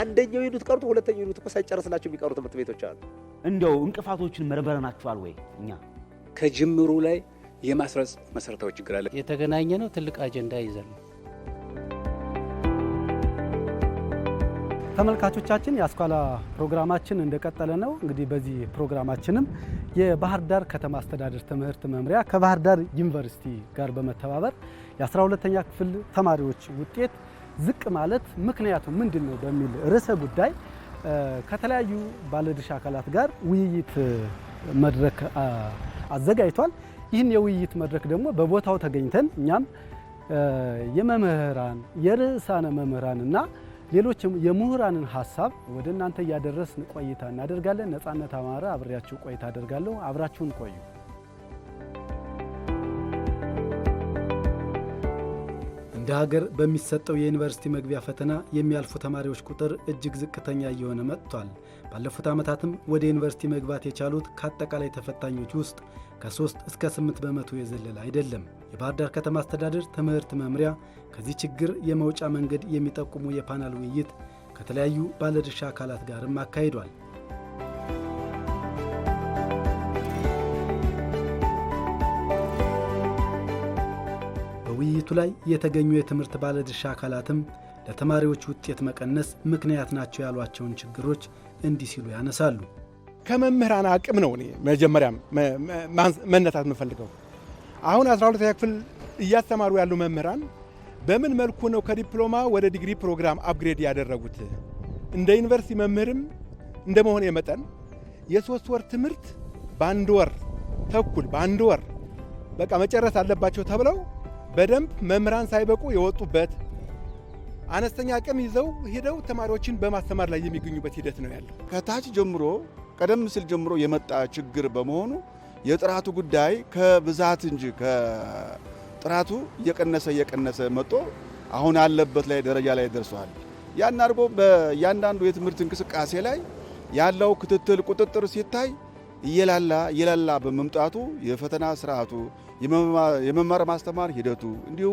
አንደኛው ይሉት ቀርቶ ሁለተኛው ይሉት እኮ ሳይጨርስላቸው የሚቀሩ ትምህርት ቤቶች አሉ። እንደው እንቅፋቶችን መርምረናችኋል ወይ? እኛ ከጅምሩ ላይ የማስረጽ መሰረታዊ ችግር አለ። የተገናኘ ነው ትልቅ አጀንዳ ይዘን ተመልካቾቻችን የአስኳላ ፕሮግራማችን እንደቀጠለ ነው። እንግዲህ በዚህ ፕሮግራማችንም የባህር ዳር ከተማ አስተዳደር ትምህርት መምሪያ ከባህር ዳር ዩኒቨርሲቲ ጋር በመተባበር የ12ኛ ክፍል ተማሪዎች ውጤት ዝቅ ማለት ምክንያቱ ምንድን ነው በሚል ርዕሰ ጉዳይ ከተለያዩ ባለድርሻ አካላት ጋር ውይይት መድረክ አዘጋጅቷል። ይህን የውይይት መድረክ ደግሞ በቦታው ተገኝተን እኛም የመምህራን የርዕሳነ መምህራን እና ሌሎችም የምሁራንን ሀሳብ ወደ እናንተ እያደረስን ቆይታ እናደርጋለን። ነፃነት አማረ አብሬያችሁ ቆይታ አደርጋለሁ። አብራችሁን ቆዩ። እንደ ሀገር በሚሰጠው የዩኒቨርሲቲ መግቢያ ፈተና የሚያልፉ ተማሪዎች ቁጥር እጅግ ዝቅተኛ እየሆነ መጥቷል። ባለፉት ዓመታትም ወደ ዩኒቨርሲቲ መግባት የቻሉት ከአጠቃላይ ተፈታኞች ውስጥ ከ3 እስከ 8 በመቶ የዘለለ አይደለም። የባህር ዳር ከተማ አስተዳደር ትምህርት መምሪያ ከዚህ ችግር የመውጫ መንገድ የሚጠቁሙ የፓናል ውይይት ከተለያዩ ባለድርሻ አካላት ጋርም አካሂዷል። በውይይቱ ላይ የተገኙ የትምህርት ባለድርሻ አካላትም ለተማሪዎች ውጤት መቀነስ ምክንያት ናቸው ያሏቸውን ችግሮች እንዲህ ሲሉ ያነሳሉ። ከመምህራን አቅም ነው እኔ መጀመሪያም መነሳት የምፈልገው። አሁን 12ኛ ክፍል እያስተማሩ ያሉ መምህራን በምን መልኩ ነው ከዲፕሎማ ወደ ዲግሪ ፕሮግራም አፕግሬድ ያደረጉት? እንደ ዩኒቨርሲቲ መምህርም እንደ መሆን መጠን የሶስት ወር ትምህርት በአንድ ወር ተኩል በአንድ ወር በቃ መጨረስ አለባቸው ተብለው በደንብ መምህራን ሳይበቁ የወጡበት አነስተኛ አቅም ይዘው ሄደው ተማሪዎችን በማስተማር ላይ የሚገኙበት ሂደት ነው ያለው። ከታች ጀምሮ ቀደም ሲል ጀምሮ የመጣ ችግር በመሆኑ የጥራቱ ጉዳይ ከብዛት እንጂ ከጥራቱ እየቀነሰ እየቀነሰ መጦ አሁን አለበት ላይ ደረጃ ላይ ደርሷል። ያን አድርጎ በእያንዳንዱ የትምህርት እንቅስቃሴ ላይ ያለው ክትትል ቁጥጥር ሲታይ እየላላ እየላላ በመምጣቱ የፈተና ስርዓቱ የመማር ማስተማር ሂደቱ እንዲሁ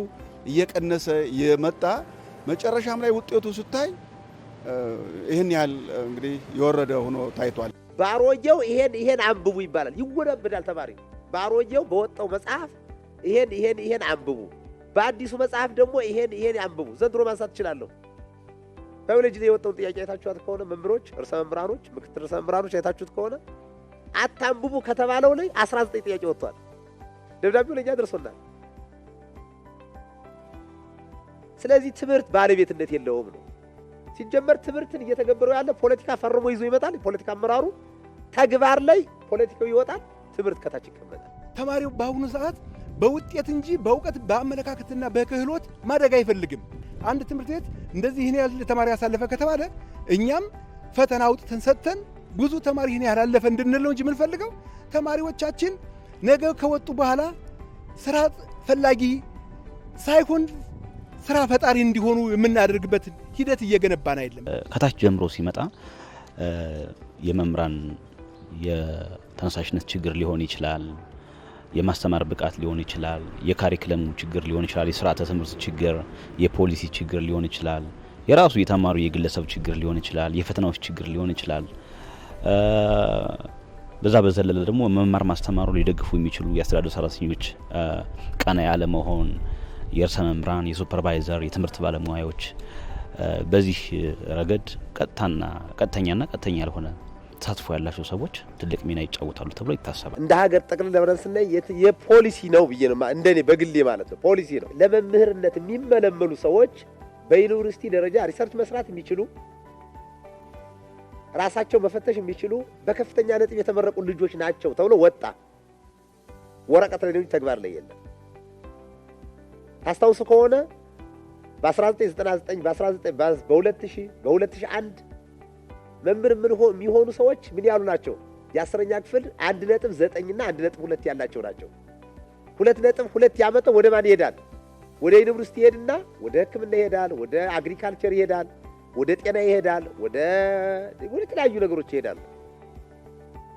እየቀነሰ የመጣ መጨረሻም ላይ ውጤቱ ስታይ ይህን ያህል እንግዲህ የወረደ ሆኖ ታይቷል። በአሮጌው ይሄን ይሄን አንብቡ ይባላል፣ ይወነብዳል ተማሪ። በአሮጌው በወጣው መጽሐፍ ይሄን ይሄን ይሄን አንብቡ፣ በአዲሱ መጽሐፍ ደግሞ ይሄን ይሄን አንብቡ። ዘንድሮ ማንሳት እችላለሁ። ባዮሎጂ ላይ የወጣውን ጥያቄ አይታችኋት ከሆነ መምህሮች፣ እርሰ መምህራኖች፣ ምክትል እርሰ መምህራኖች አይታችሁት ከሆነ አታንብቡ ከተባለው ላይ 19 ጥያቄ ወጥቷል። ደብዳቤው ለእኛ ደርሶናል። ስለዚህ ትምህርት ባለቤትነት የለውም ነው። ሲጀመር ትምህርትን እየተገበረው ያለ ፖለቲካ ፈርሞ ይዞ ይመጣል። የፖለቲካ አመራሩ ተግባር ላይ ፖለቲካው ይወጣል፣ ትምህርት ከታች ይቀመጣል። ተማሪው በአሁኑ ሰዓት በውጤት እንጂ በእውቀት በአመለካከትና በክህሎት ማደግ አይፈልግም። አንድ ትምህርት ቤት እንደዚህ ይህን ያህል ተማሪ ያሳለፈ ከተባለ እኛም ፈተና አውጥተን ሰጥተን ብዙ ተማሪ ይህን ያህል አለፈ እንድንለው እንጂ የምንፈልገው ተማሪዎቻችን ነገ ከወጡ በኋላ ስራ ፈላጊ ሳይሆን ስራ ፈጣሪ እንዲሆኑ የምናደርግበት ሂደት እየገነባን አይደለም። ከታች ጀምሮ ሲመጣ የመምህራን የተነሳሽነት ችግር ሊሆን ይችላል። የማስተማር ብቃት ሊሆን ይችላል። የካሪክለሙ ችግር ሊሆን ይችላል። የስርዓተ ትምህርት ችግር፣ የፖሊሲ ችግር ሊሆን ይችላል። የራሱ የተማሩ የግለሰብ ችግር ሊሆን ይችላል። የፈተናዎች ችግር ሊሆን ይችላል። በዛ በዘለለ ደግሞ መማር ማስተማሩ ሊደግፉ የሚችሉ የአስተዳደር ሰራተኞች ቀና ያለ መሆን፣ የእርሰ መምህራን፣ የሱፐርቫይዘር፣ የትምህርት ባለሙያዎች በዚህ ረገድ ቀጥታና ቀጥተኛና ቀጥተኛ ያልሆነ ተሳትፎ ያላቸው ሰዎች ትልቅ ሚና ይጫወታሉ ተብሎ ይታሰባል። እንደ ሀገር ጠቅልል ለብረን ስናይ የፖሊሲ ነው ብዬ ነው እንደኔ በግሌ ማለት ነው። ፖሊሲ ነው ለመምህርነት የሚመለመሉ ሰዎች በዩኒቨርሲቲ ደረጃ ሪሰርች መስራት የሚችሉ ራሳቸው መፈተሽ የሚችሉ በከፍተኛ ነጥብ የተመረቁ ልጆች ናቸው ተብሎ ወጣ። ወረቀት ላይ ተግባር ላይ የለም። ታስታውሱ ከሆነ በ1999 በ19 በ2000 በ2001 መምህር የሚሆኑ ሰዎች ምን ያሉ ናቸው? የአስረኛ ክፍል አንድ ነጥብ ዘጠኝና አንድ ነጥብ ሁለት ያላቸው ናቸው። ሁለት ነጥብ ሁለት ያመጣው ወደ ማን ይሄዳል? ወደ ዩኒቨርሲቲ ይሄድና ወደ ሕክምና ይሄዳል፣ ወደ አግሪካልቸር ይሄዳል። ወደ ጤና ይሄዳል፣ ወደ ተለያዩ ነገሮች ይሄዳል።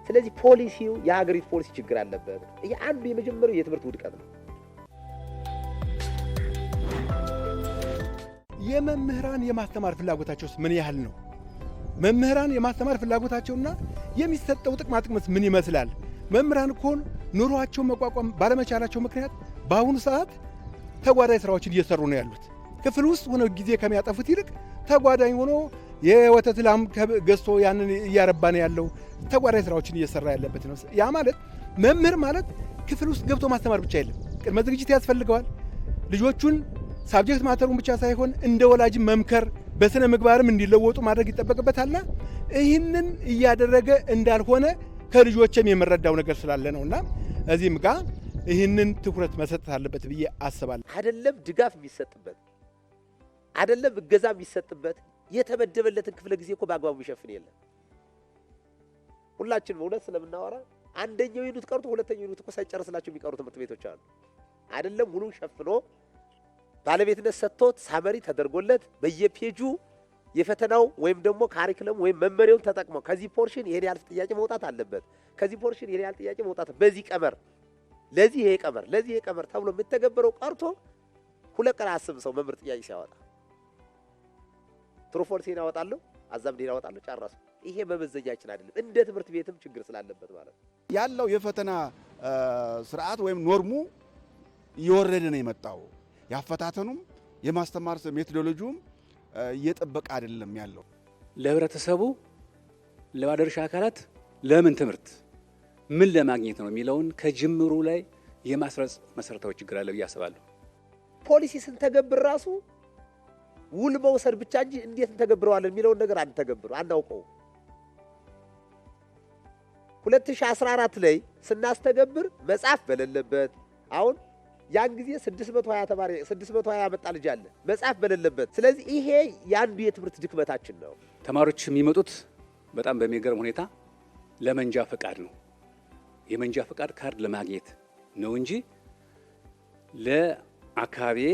ስለዚህ ፖሊሲው የሀገሪቱ ፖሊሲ ችግር አለበት። አንዱ የመጀመሪያው የትምህርት ውድቀት ነው። የመምህራን የማስተማር ፍላጎታቸውስ ምን ያህል ነው? መምህራን የማስተማር ፍላጎታቸውና የሚሰጠው ጥቅማ ጥቅምስ ምን ይመስላል? መምህራን እኮ ኑሯቸውን መቋቋም ባለመቻላቸው ምክንያት በአሁኑ ሰዓት ተጓዳይ ስራዎችን እየሰሩ ነው ያሉት። ክፍል ውስጥ ሆነው ጊዜ ከሚያጠፉት ይልቅ ተጓዳኝ ሆኖ የወተት ላም ገዝቶ ያንን እያረባ ነው ያለው። ተጓዳኝ ስራዎችን እየሰራ ያለበት ነው። ያ ማለት መምህር ማለት ክፍል ውስጥ ገብቶ ማስተማር ብቻ አይደለም፣ ቅድመ ዝግጅት ያስፈልገዋል። ልጆቹን ሳብጀክት ማተሩን ብቻ ሳይሆን እንደ ወላጅ መምከር፣ በስነ ምግባርም እንዲለወጡ ማድረግ ይጠበቅበታልና ይህንን እያደረገ እንዳልሆነ ከልጆችም የምረዳው ነገር ስላለ ነውና እዚህም ጋር ይህንን ትኩረት መሰጠት አለበት ብዬ አስባለሁ። አይደለም ድጋፍ የሚሰጥበት አይደለም እገዛ የሚሰጥበት የተመደበለትን ክፍለ ጊዜ እኮ በአግባቡ ይሸፍን የለም። ሁላችን በእውነት ስለምናወራ አንደኛው ይሉት ቀርቶ ሁለተኛው ይሉት እኮ ሳይጨርስላቸው የሚቀሩ ትምህርት ቤቶች አሉ። አይደለም ሙሉ ሸፍኖ ባለቤትነት ሰጥቶት ሳመሪ ተደርጎለት በየፔጁ የፈተናው ወይም ደግሞ ካሪክለም ወይም መመሪያውን ተጠቅሞ ከዚህ ፖርሽን ይሄን ያህል ጥያቄ መውጣት አለበት፣ ከዚህ ፖርሽን ይሄን ያህል ጥያቄ መውጣት በዚህ ቀመር፣ ለዚህ ይሄ ቀመር፣ ለዚህ ይሄ ቀመር ተብሎ የሚተገበረው ቀርቶ ሁለት ቀን አስብ ሰው መምህር ጥያቄ ሲያወጣ ትሩፎርሴን አወጣለሁ፣ አዛምዴን አወጣለሁ፣ ጨረሱ። ይሄ መመዘኛችን አይደለም፣ እንደ ትምህርት ቤትም ችግር ስላለበት ማለት ነው። ያለው የፈተና ስርዓት ወይም ኖርሙ እየወረደ ነው የመጣው። ያፈታተኑም የማስተማር ሜቶዶሎጂውም እየጠበቀ አይደለም ያለው። ለህብረተሰቡ ለባለድርሻ አካላት ለምን ትምህርት ምን ለማግኘት ነው የሚለውን ከጅምሩ ላይ የማስረጽ መሰረታዊ ችግር አለ ብዬ አስባለሁ። ፖሊሲ ስንተገብር ራሱ ውል መውሰድ ብቻ እንጂ እንዴት እንተገብረዋለን የሚለውን ነገር አንተገብሩ አናውቀው። 2014 ላይ ስናስተገብር መጽሐፍ በሌለበት አሁን ያን ጊዜ 620 ተማሪ 620 ያመጣ ልጅ አለ መጽሐፍ በሌለበት። ስለዚህ ይሄ የአንዱ የትምህርት ድክመታችን ነው። ተማሪዎች የሚመጡት በጣም በሚገርም ሁኔታ ለመንጃ ፈቃድ ነው። የመንጃ ፈቃድ ካርድ ለማግኘት ነው እንጂ ለአካባቢዬ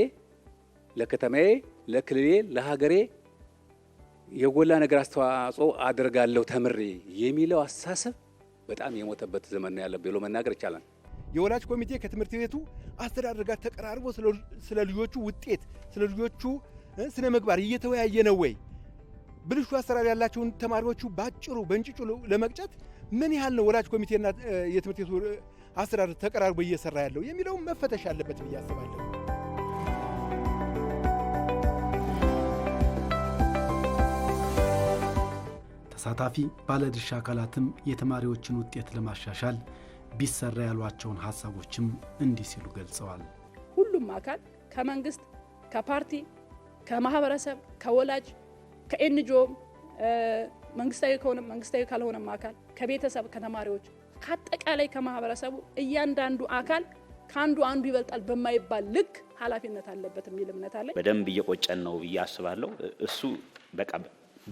ለከተማዬ ለክልሌ ለሀገሬ የጎላ ነገር አስተዋጽኦ አድርጋለሁ ተምሬ የሚለው አስተሳሰብ በጣም የሞተበት ዘመን ነው ያለ ብሎ መናገር ይቻላል። የወላጅ ኮሚቴ ከትምህርት ቤቱ አስተዳደር ጋር ተቀራርቦ ስለ ልጆቹ ውጤት፣ ስለ ልጆቹ ስነ ምግባር እየተወያየ ነው ወይ? ብልሹ አሰራር ያላቸውን ተማሪዎቹ ባጭሩ በእንጭጩ ለመቅጨት ምን ያህል ነው ወላጅ ኮሚቴና የትምህርት ቤቱ አሰራር ተቀራርቦ እየሰራ ያለው የሚለውም መፈተሽ አለበት ብዬ አስባለሁ። ተሳታፊ ባለድርሻ አካላትም የተማሪዎችን ውጤት ለማሻሻል ቢሰራ ያሏቸውን ሀሳቦችም እንዲህ ሲሉ ገልጸዋል። ሁሉም አካል ከመንግስት፣ ከፓርቲ፣ ከማህበረሰብ፣ ከወላጅ፣ ከኤንጂኦም መንግስታዊ ከሆነ መንግስታዊ ካልሆነም አካል ከቤተሰብ፣ ከተማሪዎች፣ ከአጠቃላይ ከማህበረሰቡ እያንዳንዱ አካል ከአንዱ አንዱ ይበልጣል በማይባል ልክ ኃላፊነት አለበት የሚል እምነት አለ። በደንብ እየቆጨን ነው ብዬ አስባለሁ። እሱ በቃ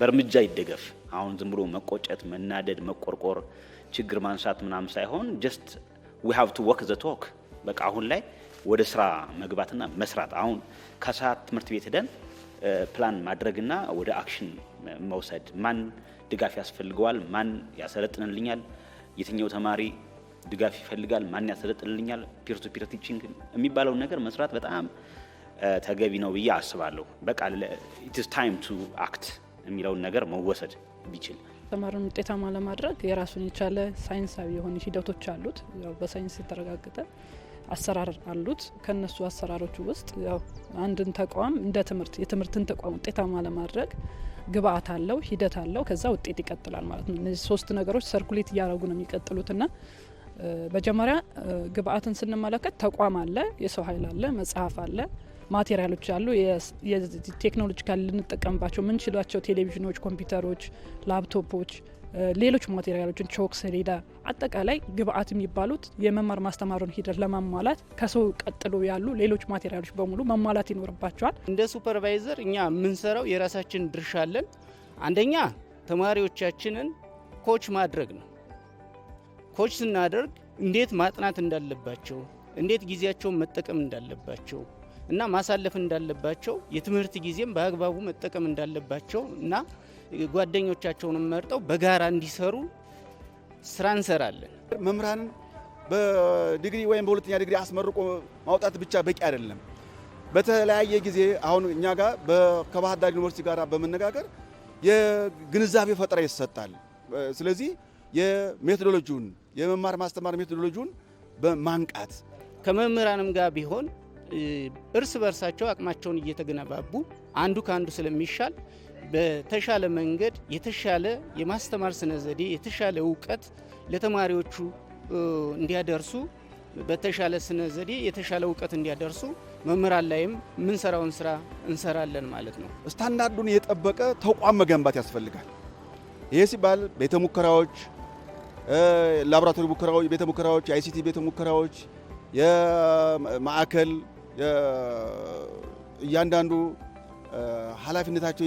በእርምጃ ይደገፍ። አሁን ዝም ብሎ መቆጨት፣ መናደድ፣ መቆርቆር፣ ችግር ማንሳት ምናምን ሳይሆን ጀስት ዊ ሃቭ ቱ ወክ ዘ ቶክ። በቃ አሁን ላይ ወደ ስራ መግባትና መስራት። አሁን ከሰዓት ትምህርት ቤት ሄደን ፕላን ማድረግና ወደ አክሽን መውሰድ። ማን ድጋፍ ያስፈልገዋል? ማን ያሰለጥንልኛል? የትኛው ተማሪ ድጋፍ ይፈልጋል? ማን ያሰለጥንልኛል? ፒር ቱ ፒር ቲችንግ የሚባለውን ነገር መስራት በጣም ተገቢ ነው ብዬ አስባለሁ። በቃ ኢትስ ታይም ቱ አክት የሚለውን ነገር መወሰድ ቢችል ተማሪውን ውጤታማ ለማድረግ የራሱን የቻለ ሳይንሳዊ የሆኑ ሂደቶች አሉት። ያው በሳይንስ የተረጋገጠ አሰራር አሉት። ከነሱ አሰራሮች ውስጥ ያው አንድን ተቋም እንደ ትምህርት የትምህርትን ተቋም ውጤታማ ለማድረግ ግብአት አለው፣ ሂደት አለው፣ ከዛ ውጤት ይቀጥላል ማለት ነው። እነዚህ ሶስት ነገሮች ሰርኩሌት እያደረጉ ነው የሚቀጥሉትና መጀመሪያ ግብአትን ስንመለከት ተቋም አለ፣ የሰው ኃይል አለ፣ መጽሐፍ አለ ማቴሪያሎች አሉ። ቴክኖሎጂካል ልንጠቀምባቸው የምንችላቸው ቴሌቪዥኖች፣ ኮምፒውተሮች፣ ላፕቶፖች፣ ሌሎች ማቴሪያሎችን ቾክ፣ ሰሌዳ፣ አጠቃላይ ግብአት የሚባሉት የመማር ማስተማሩን ሂደት ለማሟላት ከሰው ቀጥሎ ያሉ ሌሎች ማቴሪያሎች በሙሉ መሟላት ይኖርባቸዋል። እንደ ሱፐርቫይዘር እኛ የምንሰራው የራሳችን ድርሻ አለን። አንደኛ ተማሪዎቻችንን ኮች ማድረግ ነው። ኮች ስናደርግ እንዴት ማጥናት እንዳለባቸው፣ እንዴት ጊዜያቸውን መጠቀም እንዳለባቸው እና ማሳለፍ እንዳለባቸው የትምህርት ጊዜም በአግባቡ መጠቀም እንዳለባቸው እና ጓደኞቻቸውንም መርጠው በጋራ እንዲሰሩ ስራ እንሰራለን። መምህራንን በዲግሪ ወይም በሁለተኛ ዲግሪ አስመርቆ ማውጣት ብቻ በቂ አይደለም። በተለያየ ጊዜ አሁን እኛ ጋር ከባህር ዳር ዩኒቨርሲቲ ጋር በመነጋገር የግንዛቤ ፈጠራ ይሰጣል። ስለዚህ የሜቶዶሎጂውን የመማር ማስተማር ሜቶዶሎጂውን በማንቃት ከመምህራንም ጋር ቢሆን እርስ በርሳቸው አቅማቸውን እየተገነባቡ አንዱ ከአንዱ ስለሚሻል በተሻለ መንገድ የተሻለ የማስተማር ስነ ዘዴ የተሻለ እውቀት ለተማሪዎቹ እንዲያደርሱ በተሻለ ስነ ዘዴ የተሻለ እውቀት እንዲያደርሱ መምህራን ላይም የምንሰራውን ስራ እንሰራለን ማለት ነው። ስታንዳርዱን የጠበቀ ተቋም መገንባት ያስፈልጋል። ይሄ ሲባል ቤተ ሙከራዎች፣ ላቦራቶሪ ሙከራዎች፣ ቤተ ሙከራዎች፣ የአይሲቲ ቤተ ሙከራዎች፣ የማዕከል እያንዳንዱ ኃላፊነታቸው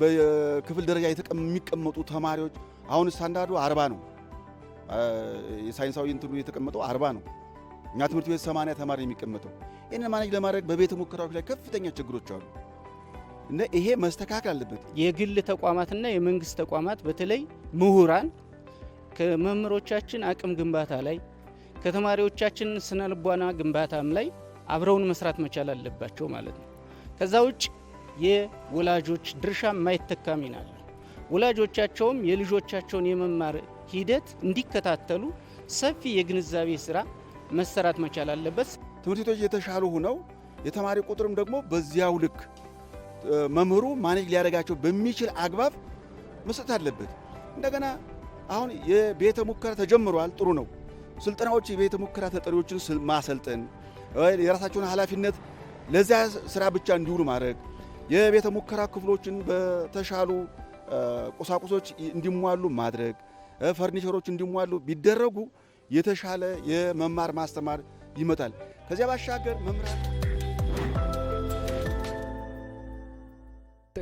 በክፍል ደረጃ የሚቀመጡ ተማሪዎች አሁን ስታንዳርዱ አርባ ነው። የሳይንሳዊ እንትኑ የተቀመጠው አርባ ነው። እኛ ትምህርት ቤት ሰማንያ ተማሪ የሚቀመጠው ይህንን ማኔጅ ለማድረግ በቤተ ሙከራዎች ላይ ከፍተኛ ችግሮች አሉ እና ይሄ መስተካከል አለበት። የግል ተቋማትና የመንግስት ተቋማት በተለይ ምሁራን ከመምህሮቻችን አቅም ግንባታ ላይ ከተማሪዎቻችን ስነልቧና ግንባታም ላይ አብረውን መስራት መቻል አለባቸው ማለት ነው። ከዛ ውጭ የወላጆች ድርሻ የማይተካ ሚና አለ። ወላጆቻቸውም የልጆቻቸውን የመማር ሂደት እንዲከታተሉ ሰፊ የግንዛቤ ስራ መሰራት መቻል አለበት። ትምህርት ቤቶች የተሻሉ ሆነው የተማሪ ቁጥርም ደግሞ በዚያው ልክ መምህሩ ማኔጅ ሊያደርጋቸው በሚችል አግባብ መስጠት አለበት። እንደገና አሁን የቤተ ሙከራ ተጀምሯል፣ ጥሩ ነው። ስልጠናዎች የቤተ ሙከራ ተጠሪዎችን ማሰልጠን የራሳቸውን ኃላፊነት ለዚያ ስራ ብቻ እንዲውሉ ማድረግ የቤተ ሙከራ ክፍሎችን በተሻሉ ቁሳቁሶች እንዲሟሉ ማድረግ ፈርኒቸሮች እንዲሟሉ ቢደረጉ የተሻለ የመማር ማስተማር ይመጣል። ከዚያ ባሻገር መምራት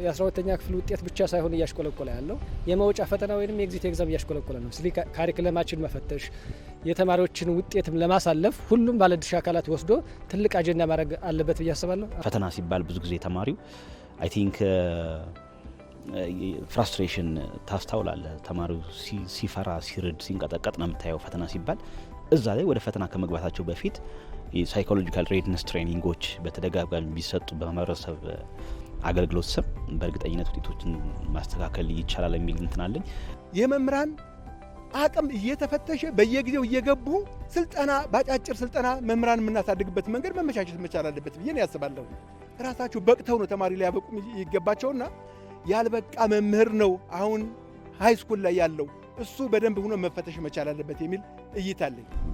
የአስራሁለተኛ ክፍል ውጤት ብቻ ሳይሆን እያሽቆለቆለ ያለው የመውጫ ፈተና ወይም የኤግዚት ኤግዛም እያሽቆለቆለ ነው። ስለዚህ ካሪክለማችን መፈተሽ የተማሪዎችን ውጤትም ለማሳለፍ ሁሉም ባለድርሻ አካላት ወስዶ ትልቅ አጀንዳ ማድረግ አለበት ብዬ አስባለሁ። ፈተና ሲባል ብዙ ጊዜ ተማሪው አይ ቲንክ ፍራስትሬሽን ታስታውላለ። ተማሪው ሲፈራ፣ ሲርድ፣ ሲንቀጠቀጥ ነው የምታየው ፈተና ሲባል እዛ ላይ ወደ ፈተና ከመግባታቸው በፊት የሳይኮሎጂካል ሬድነስ ትሬኒንጎች በተደጋጋሚ ቢሰጡ በማህበረሰብ አገልግሎት ስር በእርግጠኝነት ውጤቶችን ማስተካከል ይቻላል የሚል እንትናለኝ የመምህራን አቅም እየተፈተሸ በየጊዜው እየገቡ ስልጠና በአጫጭር ስልጠና መምህራን የምናሳድግበት መንገድ መመቻቸት መቻል አለበት ብዬ ነው ያስባለሁ። ራሳቸው በቅተው ነው ተማሪ ሊያበቁ ይገባቸውና ያልበቃ መምህር ነው አሁን ሃይስኩል ላይ ያለው እሱ በደንብ ሆኖ መፈተሽ መቻል አለበት የሚል እይታ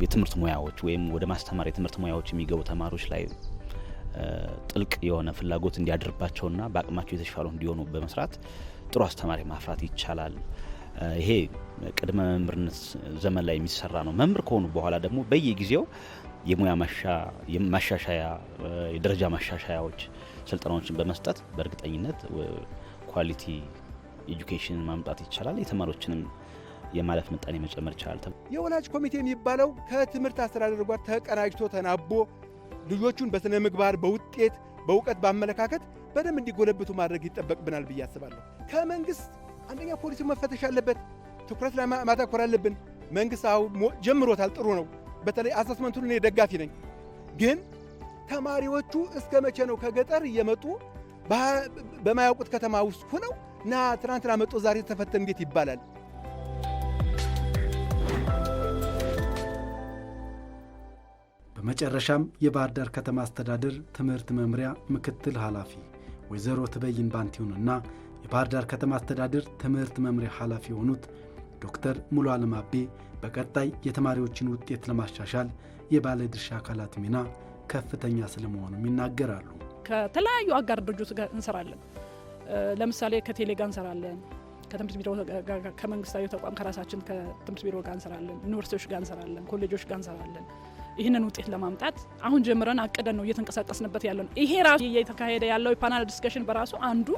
የትምህርት ሙያዎች ወይም ወደ ማስተማር የትምህርት ሙያዎች የሚገቡ ተማሪዎች ላይ ጥልቅ የሆነ ፍላጎት እንዲያድርባቸውና በአቅማቸው የተሻሉ እንዲሆኑ በመስራት ጥሩ አስተማሪ ማፍራት ይቻላል። ይሄ ቅድመ መምህርነት ዘመን ላይ የሚሰራ ነው። መምህር ከሆኑ በኋላ ደግሞ በየጊዜው የሙያ ማሻሻያ፣ የደረጃ ማሻሻያዎች፣ ስልጠናዎችን በመስጠት በእርግጠኝነት ኳሊቲ ኤጁኬሽንን ማምጣት ይቻላል። የተማሪዎችንም የማለፍ ምጣኔ መጨመር ይቻላል። የወላጅ ኮሚቴ የሚባለው ከትምህርት አስተዳደር ጋር ተቀናጅቶ ተናቦ ልጆቹን በሥነ ምግባር፣ በውጤት፣ በእውቀት፣ በአመለካከት በደንብ እንዲጎለብቱ ማድረግ ይጠበቅብናል ብዬ አስባለሁ። ከመንግሥት አንደኛ ፖሊሲው መፈተሽ አለበት። ትኩረት ላይ ማተኮር አለብን። መንግሥት አሁ ጀምሮታል፣ ጥሩ ነው። በተለይ አሳስመንቱን እኔ ደጋፊ ነኝ። ግን ተማሪዎቹ እስከ መቼ ነው ከገጠር እየመጡ በማያውቁት ከተማ ውስጥ ሁነው ና ትናንትና መጦ ዛሬ ተፈተን እንዴት ይባላል? በመጨረሻም የባህር ዳር ከተማ አስተዳደር ትምህርት መምሪያ ምክትል ኃላፊ ወይዘሮ ትበይን ባንቲሁንና የባህር ዳር ከተማ አስተዳደር ትምህርት መምሪያ ኃላፊ የሆኑት ዶክተር ሙሉ ዓለም አቤ በቀጣይ የተማሪዎችን ውጤት ለማሻሻል የባለ ድርሻ አካላት ሚና ከፍተኛ ስለመሆኑም ይናገራሉ። ከተለያዩ አጋር ድርጅቶች ጋር እንሰራለን። ለምሳሌ ከቴሌ ጋር እንሰራለን፣ ከትምህርት ቢሮ ከመንግስታዊ ተቋም ከራሳችን ከትምህርት ቢሮ ጋር እንሰራለን፣ ዩኒቨርሲቲዎች ጋር እንሰራለን፣ ኮሌጆች ጋር እንሰራለን። ይህንን ውጤት ለማምጣት አሁን ጀምረን አቅደን ነው እየተንቀሳቀስንበት ያለ ነው። ይሄ ራሱ እየተካሄደ ያለው የፓናል ዲስከሽን በራሱ አንዱ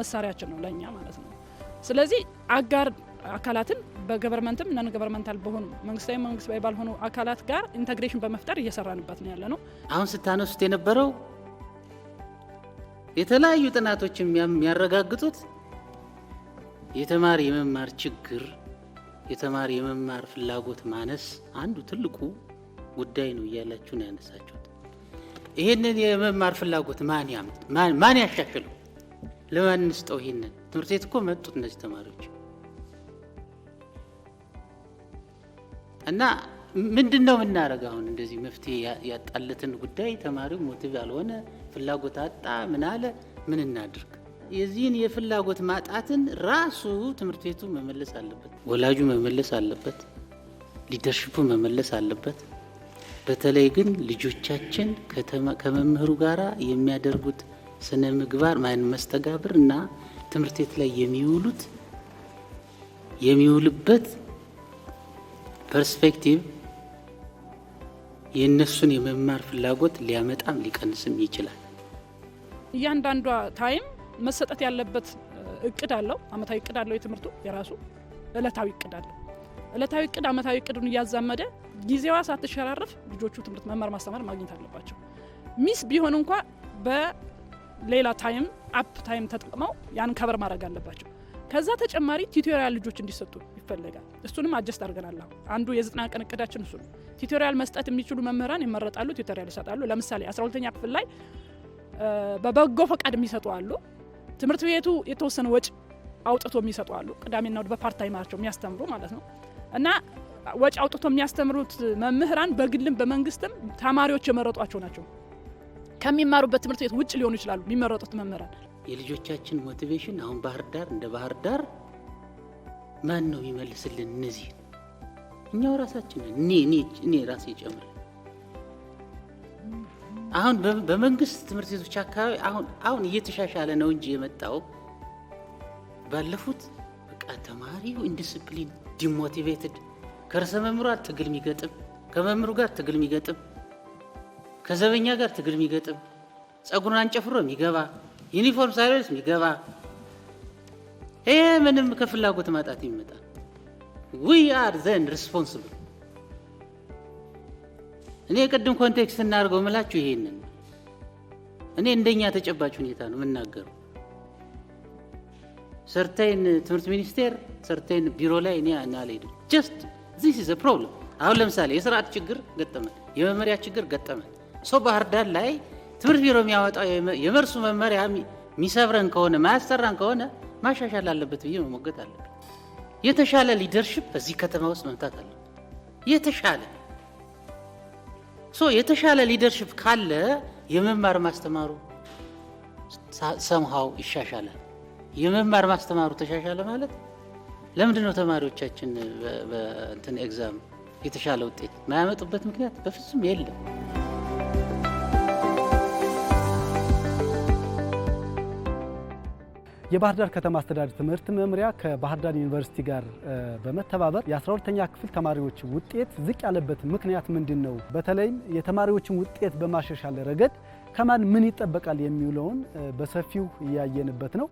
መሳሪያችን ነው ለእኛ ማለት ነው። ስለዚህ አጋር አካላትን በገቨርንመንትም ነን ገቨርንመንታል በሆኑ መንግስታዊ ባይ ባልሆኑ አካላት ጋር ኢንተግሬሽን በመፍጠር እየሰራንበት ነው ያለ ነው። አሁን ስታነሱት የነበረው የተለያዩ ጥናቶች የሚያረጋግጡት የተማሪ የመማር ችግር፣ የተማሪ የመማር ፍላጎት ማነስ አንዱ ትልቁ ጉዳይ ነው እያላችሁ ነው ያነሳችሁት። ይህንን የመማር ፍላጎት ማን ያምጥ? ማን ያሻሽለው? ለማን እንስጠው? ይህንን ትምህርት ቤት እኮ መጡት እነዚህ ተማሪዎች እና ምንድን ነው የምናደርግ አሁን እንደዚህ መፍትሄ ያጣለትን ጉዳይ ተማሪው ሞቲቭ ያልሆነ ፍላጎት አጣ። ምን አለ ምን እናድርግ? የዚህን የፍላጎት ማጣትን ራሱ ትምህርት ቤቱ መመለስ አለበት፣ ወላጁ መመለስ አለበት፣ ሊደርሽፑ መመለስ አለበት። በተለይ ግን ልጆቻችን ከመምህሩ ጋር የሚያደርጉት ስነ ምግባር ማን መስተጋብር እና ትምህርት ቤት ላይ የሚውሉት የሚውልበት ፐርስፔክቲቭ የእነሱን የመማር ፍላጎት ሊያመጣም ሊቀንስም ይችላል። እያንዳንዷ ታይም መሰጠት ያለበት እቅድ አለው። አመታዊ እቅድ አለው የትምህርቱ የራሱ እለታዊ እቅድ አለው። እለታዊ እቅድ፣ አመታዊ እቅዱን እያዛመደ ጊዜዋ ሳትሸራርፍ ልጆቹ ትምህርት መማር ማስተማር ማግኘት አለባቸው። ሚስ ቢሆን እንኳ በሌላ ታይም አፕ ታይም ተጠቅመው ያን ከበር ማድረግ አለባቸው። ከዛ ተጨማሪ ቲቶሪያል ልጆች እንዲሰጡ ይፈለጋል። እሱንም አጀስት አድርገናል። አንዱ የዘጠና ቀን እቅዳችን እሱ ነው። ቲቶሪያል መስጠት የሚችሉ መምህራን ይመረጣሉ፣ ቲቶሪያል ይሰጣሉ። ለምሳሌ አስራ ኛ ክፍል ላይ በበጎ ፈቃድ የሚሰጡ አሉ። ትምህርት ቤቱ የተወሰነ ወጪ አውጥቶ የሚሰጡ አሉ። ቅዳሜና እሁድ ታይማቸው የሚያስተምሩ ማለት ነው። እና ወጪ አውጥቶ የሚያስተምሩት መምህራን በግልም በመንግስትም ተማሪዎች የመረጧቸው ናቸው። ከሚማሩበት ትምህርት ቤት ውጭ ሊሆኑ ይችላሉ የሚመረጡት መምህራን። የልጆቻችን ሞቲቬሽን አሁን ባህር ዳር እንደ ባህር ዳር ማን ነው የሚመልስልን? እነዚህ እኛው ራሳችን እኔ እኔ ራሴ ጨምር አሁን በመንግስት ትምህርት ቤቶች አካባቢ አሁን አሁን እየተሻሻለ ነው እንጂ የመጣው ባለፉት በቃ ተማሪው ኢንዲስፕሊን ዲሞቲቬትድ ከርዕሰ መምህሯ ትግል የሚገጥም ከመምህሩ ጋር ትግል የሚገጥም ከዘበኛ ጋር ትግል የሚገጥም ጸጉሩን አንጨፍሮ የሚገባ ዩኒፎርም ሳይለብስ የሚገባ ይህ ምንም ከፍላጎት ማጣት የሚመጣ ዊ አር ዘን ሪስፖንስብል። እኔ ቅድም ኮንቴክስት እናድርገው ምላችሁ ይሄንን እኔ እንደኛ ተጨባጭ ሁኔታ ነው የምናገረው። ሰርተይን ትምህርት ሚኒስቴር ሰርተይን ቢሮ ላይ እኔ አልሄድም። ጀስት ዚስ ኢዝ ፕሮብለም። አሁን ለምሳሌ የስርዓት ችግር ገጠመን፣ የመመሪያ ችግር ገጠመን። ሰው ባህር ዳር ላይ ትምህርት ቢሮ የሚያወጣው የመርሱ መመሪያ የሚሰብረን ከሆነ ማያሰራን ከሆነ ማሻሻል አለበት ብዬ መሞገት አለብን። የተሻለ ሊደርሽፕ በዚህ ከተማ ውስጥ መምታት አለ። የተሻለ ሶ የተሻለ ሊደርሽፕ ካለ የመማር ማስተማሩ ሰምሃው ይሻሻላል። የመማር ማስተማሩ ተሻሻለ ማለት ለምንድን ነው ተማሪዎቻችን በእንትን ኤግዛም የተሻለ ውጤት የማያመጡበት ምክንያት በፍጹም የለም። የባህር ዳር ከተማ አስተዳደር ትምህርት መምሪያ ከባህር ዳር ዩኒቨርሲቲ ጋር በመተባበር የ12ተኛ ክፍል ተማሪዎች ውጤት ዝቅ ያለበት ምክንያት ምንድን ነው፣ በተለይም የተማሪዎችን ውጤት በማሻሻል ረገድ ከማን ምን ይጠበቃል የሚውለውን በሰፊው እያየንበት ነው።